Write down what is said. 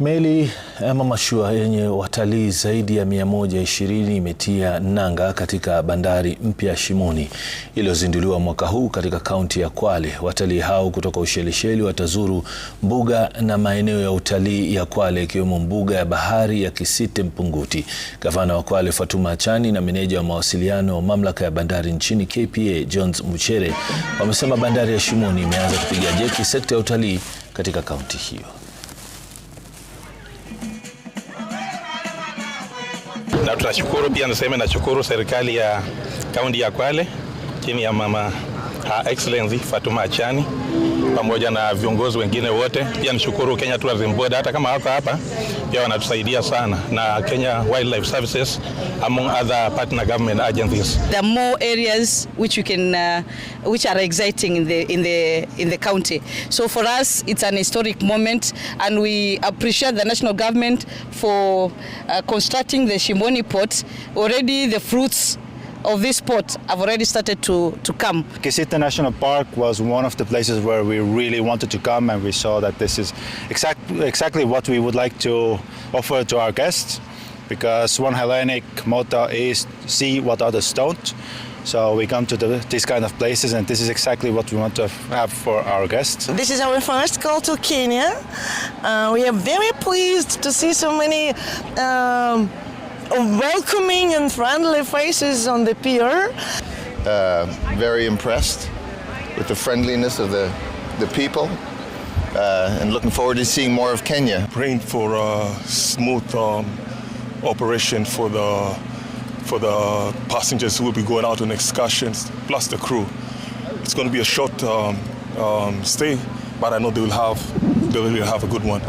Meli ama mashua yenye watalii zaidi ya 120 imetia nanga katika bandari mpya Shimoni iliyozinduliwa mwaka huu katika kaunti ya Kwale. Watalii hao kutoka Ushelisheli watazuru mbuga na maeneo ya utalii ya Kwale ikiwemo mbuga ya bahari ya Kisite Mpunguti. Gavana wa Kwale Fatuma Achani na meneja wa mawasiliano wa mamlaka ya bandari nchini KPA Jones Muchere wamesema bandari ya Shimoni imeanza kupiga jeki sekta ya utalii katika kaunti hiyo. na tunashukuru pia, niseme nashukuru serikali ya kaunti ya Kwale chini ya mama Her Excellency Fatuma Achani pamoja na viongozi wengine wote. Pia nishukuru Kenya Tourism Board, hata kama hapa hapa pia wanatusaidia sana, na Kenya Wildlife Services among other partner government agencies. There are more areas which we can uh, which are exciting in the in the in the county. So for us it's an historic moment and we appreciate the national government for uh, constructing the Shimoni port. Already the fruits of this i have already started to, to come. Kesita National Park was one of the places where we really wanted to come and we saw that this is exact, exactly what we would like to offer to our guests because one Hellenic motto is see what others don't. So we come to the, these kind of places, and this is exactly what we want to have for our guests. This is our first call to Kenya. Uh, we are very pleased to see so many. Um, welcoming and friendly faces on the pier. Uh, very impressed with the friendliness of the, the people uh, and looking forward to seeing more of Kenya. Praying for a smooth um, operation for the, for the passengers who will be going out on excursions, plus the crew. It's going to be a short um, um, stay, but I know they will have, they will have a good one.